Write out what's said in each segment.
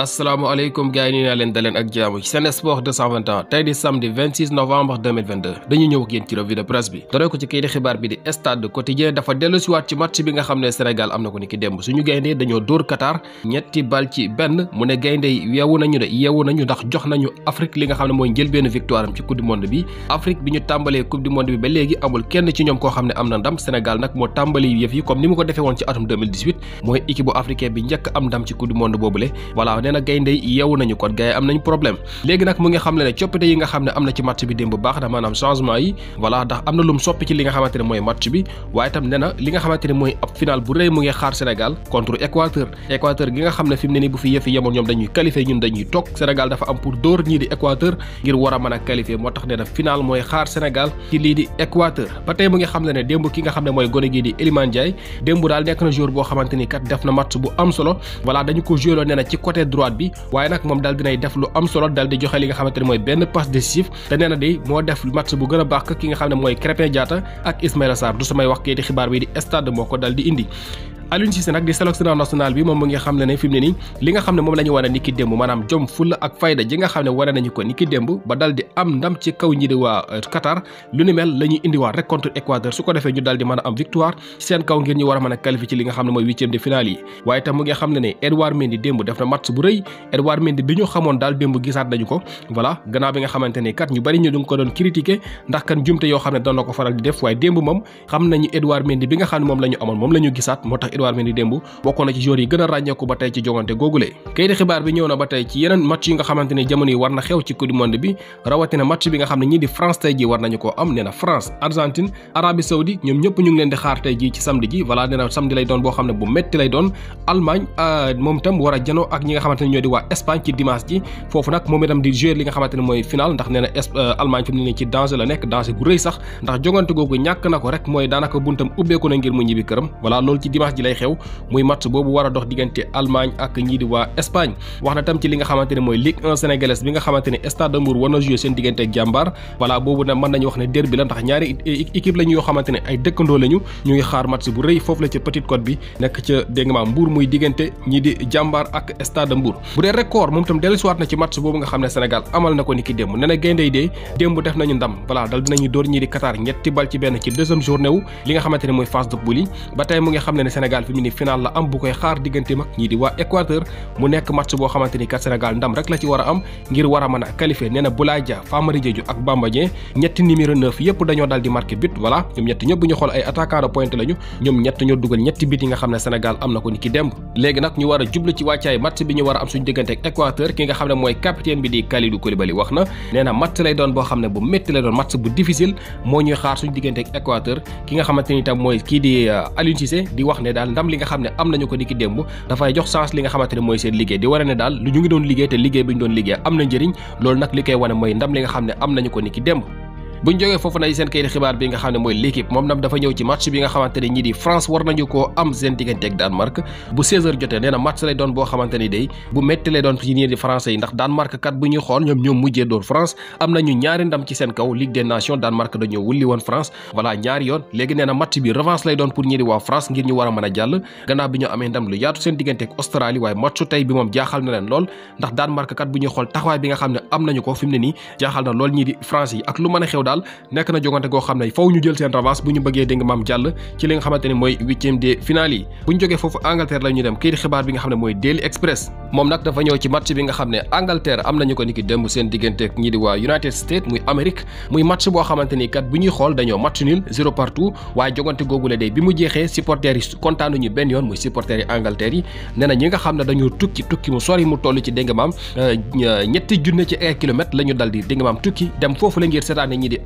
asalaamaaleykum gars yi nii naa leen daleen ak jaamu ci Sen Sport tey di samedi 26 dañu ñëw ak yéen ci revue bi doree ko ci kayit xibaar bi di stade quotidien dafa dellu siwaat ci match bi nga xam ne Sénégal am na ko ni ki suñu gayndee dañoo dóor Qatar ñetti bal ci benn mu ne gaynde yeewu nañu de yeewu nañu ndax jox nañu Afrique li nga xam ne mooy njëlbéenu victoire am ci coupe du monde bi Afrique bi ñu tàmbalee coupe du monde bi ba koo xam ne am na ndam Sénégal nag moo nee na gaynde yeewu nañu kon gars am nañ problème léegi nag mu ngi xam ne ne am di match bu am solo voilà dañu ko joué loo ci côté droit droite bi waaye nag moom dal dinay def lu am solo daal di joxe li nga xamante ne mooy benn passe décisif te nee na de moo def match bu gën a baax ki nga xam ne mooy Krépin Diatta ak Ismaïla Sarr du samay wax kii xibaar bi di stade moo ko dal di indi Aliou ci nak di sélectionneur national bi mom mo ngi xam ne ne fi li nga xamné mom lañu wara niki démb manam jom ful ak fayda ji nga xamné wara nañu ko niki démb ba daldi am ndam ci kaw ñi di wa euh, Qatar lu ni mel lañu indi wa rek contre Équateur su ko defee ñu daldi mëna am victoire seen kaw ngir ñu wara mëna qualifier ci li nga xamné moy 8e de finale yi waye tam mo ngi xamné né Edouard Mendy démb def na match bu reuy Edouard Mendy biñu xamone dal daal gisat nañu ko voilà gëna bi nga xamanté ne kat ñu bari ñu dung ko doon critiquer ndax kan jumte yo xamné doon na ko faral di def waye démb mom xam nañu Edouard Mendy bi nga xamné mom lañu la mom lañu gisat motax Edouard Mendy Dembo, bokko na ci joueur yi gëna a ba tay ci jongante googule kayiti xibaar bi ñëwna na ba tay ci yenen match yi nga xamanteni ni jamono yi war na xew ci coupe du monde bi na match bi nga xamni ñi di France tay ji war nañu ko am nee France Argentine Arabie Saudi, ñom ñëpp ñu ngi leen di xaar tay ji ci samedi ji wala nee samedi lay doon bo bu metti lay doon Allemagne euh, a ak ñi nga xamanteni ni ñoo di wa Espagne ci dimanche ji fofu nak mom itam di jouer li nga xamanteni moy final ndax nee euh, Allemagne fi ñu ne ci danger la nek danger bu reuy sax ndax jogante gogu ñak nako rek moy danaka buntam ubbeeku na ngir mu ñibi kërëm wala lool ci dimanche ji day xew muy match boobu war dox diggante Allemagne ak ñii di waa Espagne wax na tam ci li nga xamante mooy Ligue 1 sénégalaise bi nga xamante Stade de Mbour war seen diggante ak Jàmbaar boobu mën nañu wax ne derby la ndax ñaari équipe lañu yoo xamante ay dëkkandoo lañu ñu ngi xaar match bu rëy foofu la ca Petite Côte bi nekk ca dégg nga muy diggante ñii di Jàmbaar ak Stade de bu dee record moom tam dellusiwaat na ci match boobu nga Sénégal fi mu ni final la am bu koy xaar diggante mag ñii di waa Équateur mu nekk match boo xamante ni kat Sénégal ndam rek la ci war am ngir wara a mën a qualifié nee na Boulaye Dia Famara Diédhiou ak Bamba Dieng ñetti numéro 9 yépp dañoo daal di marqué but voilà ñoom ñett ñëpp bu ñu xool ay attaquant de pointe lañu ñoom ñett ñoo dugal ñetti bit nga xam ne Sénégal am na ko ni ki démb léegi nag ñu war jublu ci wàccaay match bi ñu war am suñu diggante ak Équateur ki nga xam ne mooy capitaine bi di Kalidou Koulibaly wax na nee na match lay doon boo xam ne bu métti lay doon match bu difficile moo ñuy xaar suñu diggante ak Équateur ki nga xamante ni tam mooy kii di euh, Aliou Cissé di wax ne daal ndam li nga xam ne am nañu ko di ki démb dafay jox chance li nga xamante ne mooy seen liggéey di wane ne daal lu ñu ngi doon liggéey te liggéey bi ñu doon liggéey am na njëriñ loolu nag li koy wane mooy ndam li nga xam ne am nañu ko ni ki démb buñ jógee foofu nag seen kayit xibaar bi nga xam ne mooy l'équipe moom nam dafa ñëw ci match bi nga xamante ñii di France war nañu koo am seen diggante ak Danemark bu 16h jotee nee na match lay doon boo xamante ni day bu métti lay doon ci France am match bi a a jàll gannaaw bi moom jaaxal na leen lool ndax Danemark kat bu ñuy xool taxawaay bi nga xam ne am nañu ko fi ne nii jaaxal na lool ñii di France yi ak lu mën a xew daal nekk na jogante goo xam ne faw ñu jël seen revanche bu ñu bëggee dégg jàll ci li nga xamante mooy huitième de finale yi bu ñu jógee foofu Angleterre la dem kayit xibaar bi nga xam ne mooy Daily Express moom nag dafa ñëw ci match bi nga xam ne Angleterre am nañu ko niki démb seen diggante ñi di waa United States muy Amérique muy match boo xamante kat bu ñuy xool dañoo match nul zéro partout waaye jogante googu la day bi mu jeexee supporters yi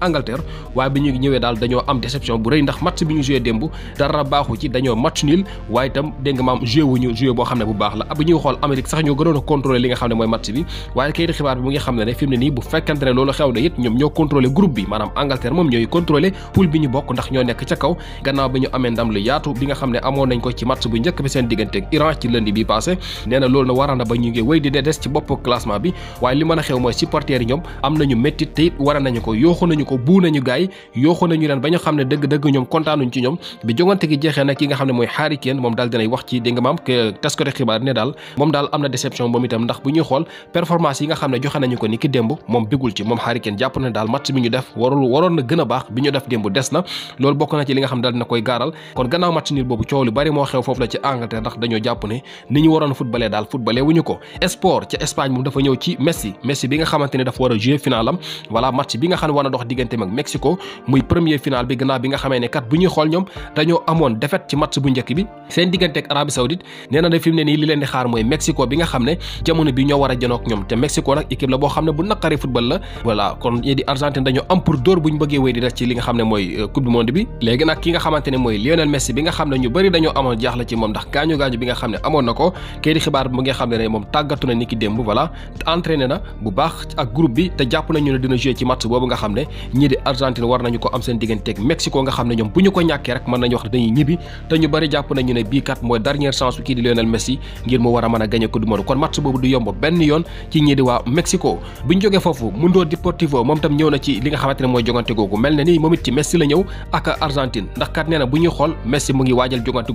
Angleterre waaye bi ñu ñëwee daal dañoo am déception bu rëy ndax match bi ñu joué démb dara baaxu ci dañoo match nul waaye itam dégg nga maam joué wuñu joué boo xam ne bu baax la bi ñuy xool amee ndam lu yaatu bi nga xam ne amoon nañ ko ci match bu njëkk bi seen diggante Iran ci lundi bi passé nee loolu na waral ba ñu ngi wéy di des ci bopp classement bi waaye li mën a xew mooy supporters ñoom am nañu métti te it war nañu ko yooxu nañu nañu ko buu nañu gaay yooxu nañu leen ba ñu xam ne dëgg-dëgg ñoom kontaanuñ ci ñoom bi jongante gi jeexee nag ki nga xam ne mooy Harry Kane moom dafa ñëw ci Messi Messi bi nga xamante dafa war a jouer finalam voilà match bi nga xam ne war na dox digënté mak Mexico muy premier final bi gënaa bi nga xamé né kat buñu xol ñom dañoo amone défaite ci match bu ñëk bi seen digënté ak Arabie Saoudite néna na né ni li leen di xaar moy Mexico bi nga xamné jamono bi ñoo wara jënok ñom té Mexico nak équipe la bo xamné bu nakari football la voilà kon yé di Argentine dañoo am pour door buñu bëggé wéy di def ci li nga xamné moy euh, Coupe du monde bi légui nak ki nga xamantene moy Lionel Messi bi nga xamné ñu bari dañoo amone la ci mom ndax gañu gañu bi nga xamné amone nako ké di xibaar bu nga xamné né mom tagatu na niki dembu voilà entraîné na bu baax ak groupe bi té japp nañu né dina jouer ci match bobu nga xamné ñi di argentine war nañu ko am seen ak mexico nga xamné ñom buñu ko ñaké rek mën nañu wax dañuy ñibi té ñu bari japp nañu né bi kat moy dernière chance ki di lionel messi ngir mu wara mëna gagné ko du monde kon match bobu du yomb ben yoon ci ñi di wa mexico buñu joggé fofu mundo deportivo mom tam ñëw na ci li nga xamanté moy jogante mel ni momit ci messi la ñëw ak argentine ndax kat néna na xol messi mu ngi waajal jogante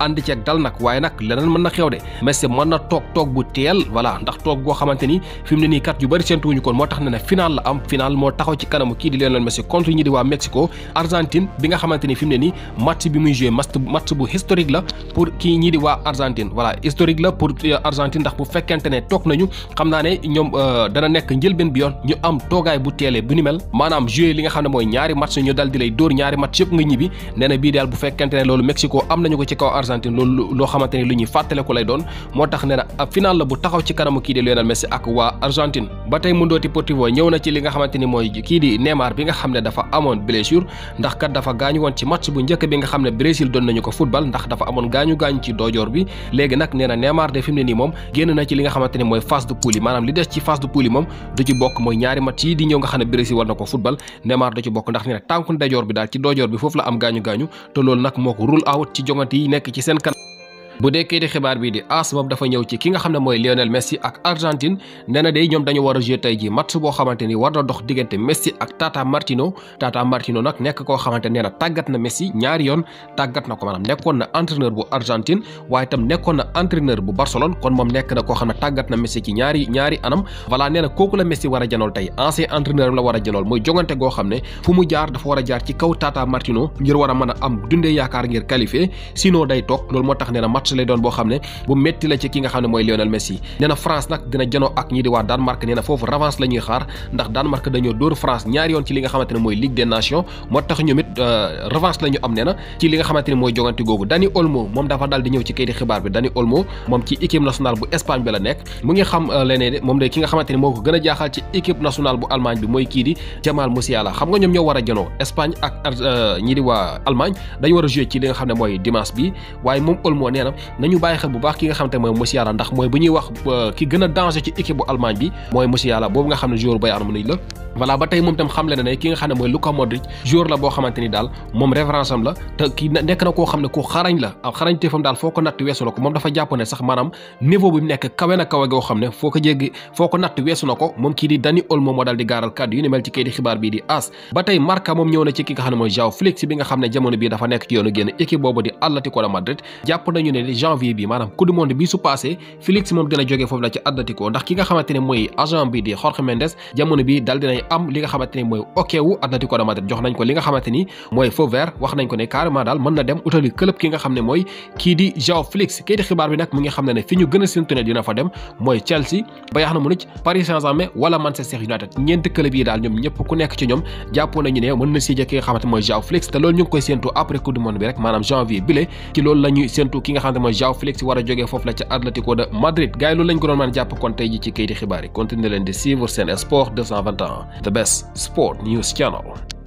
and ci ak dal nak waaye nak lénen mëna xew dé messi mëna tok tok butel, bu téel wala ndax tok go xamanté ni fimni ni kat yu bari seentuwuñu kon moo tax final la am final mo taxaw ci kanam forme kii di Lionel Messi contre ñi di waa Mexico Argentine bi nga xamante ni ne nii match bi muy joué match bu historique la pour kii ñi di waa Argentine voilà historique la pour euh, Argentine ndax bu fekkente ne toog nañu xam naa ne ñoom euh, bi yoon ñu am toogaay bu teelee bu ni mel maanaam li nga xam ne mooy ñaari match ñu dal di lay dóor ñaari match yëpp nga ñibbi nee na bii daal bu fekkente ne Argentine loolu loo la bu taxaw ci kanamu kii Messi ak waa Argentine ba tey Mundo Deportivo ñëw na ci li nga xamante mooy kii di ci Neymar bi nga xam ne dafa amoon blessure ndax kat dafa gaañu woon ci match bu njëkk bi nga xam ne Brésil doon nañu ko football ndax dafa amoon gaañu gaañu ci doojoor bi léegi na Neymar de fi mu ne nii moom génn nga xamante ne mooy phase de poule yi maanaam li des ci phase de poule yi moom du ci bokk mooy ñaari match yi di ñëw nga xam ne Brésil war na ko football Neymar du ci bokk ndax nee na tànku ndeyjoor bi daal ci doojoor bi foofu la am gaañu gaañu te loolu nag moo ko rule out ci jongante yi nekk ci seen kanam bu dee kayiti xibaar bii di AS moom dafa ñëw ci ki nga xam ne mooy Lionel Messi ak Argentine nee na day ñoom dañu war a jouer tey ji match boo xamante ni war na dox diggante Messi ak Tata Martino Tata Martino nag nekk koo xamante nee na tàggat na Messi ñaari yoon tàggat na ko maanaam nekkoon na entraîneur bu Argentine waaye itam nekkoon na entraîneur bu Barcelone kon moom nekk na koo xam ne tàggat na Messi ci ñaari ñaari anam voilà nee na kooku la Messi war a janool tey ancien entraîneur la war a janool mooy jongante goo xam ne fu mu jaar dafa war a jaar ci kaw Tata Martino ngir war a a am dundee yaakaar ngir qualifié sinon day toog loolu moo tax nee na match match lay doon boo xam ne bu métti la ci ki nga xam ne mooy Lionel Messi nee France nag dina janoo ak ñi di waa Danemark nee foofu revanche la xaar ndax Danemark dañoo dóor France ñaari yoon ci li nga xamante mooy Ligue moo tax ñoom it euh, revanche na ci li googu Dani Olmo moom dafa daal di ñëw ci kayiti xibaar bi Dani Olmo moom ci équipe nationale bu Espagne bi la nekk mu ngi xam euh, leneen moom de ki nga xamante moo ko gën a jaaxal ci équipe nationale bu Allemagne bi mooy kii di Jamal Musiala xam nga ñoom war a janoo euh, a jouer ci mooy dimanche bi waaye moom Olmo nee nañu bàyyi xel bu baax ki nga xamante mooy Musiala ndax mooy bu ñuy wax euh, ki gën a ci équipe bu Allemagne bi mooy Musiala la voilà nga xam ne mooy Luka am na koo la ak xarañ téefam moom dafa jàpp na kawe goo xam ne foo ko jéggi foo ko natt weesu na ko moom kii di Dani Olmo moo daal di gaaral kàddu yu ni mel ci kii di xibaar bii di AS ba tey Marca moom ñëw na ci ki nga xam ne mooy João Félix bi nga xam ne jamono bii dafa nekk ci yoonu génn équipe boobu finale janvier bi maanaam coupe bi su passé Félix moom dina jógee foofu la ci Atlético ndax ki nga xamante ne mooy agent bi di Jorge Mendes jamono bi dal dinay am li nga xamante ni mooy feu wax nañ ko ne carrément daal mën na dem utali club ki nga xam ne mooy kii di João Félix kii xibaar bi nag mu ngi xam ne ne fi ñu gën a ne dina fa dem mooy Chelsea Bayern Munich Paris Saint-Germain wala Manchester United ñeenti club yi daal ñoom ñëpp xamante mooy João Félix foofu la ca Atlético de Madrid gars yi loolu jàpp kon tey ji ci kayiti xibaar yi continuer leen di suivre seen sport the best sport news channel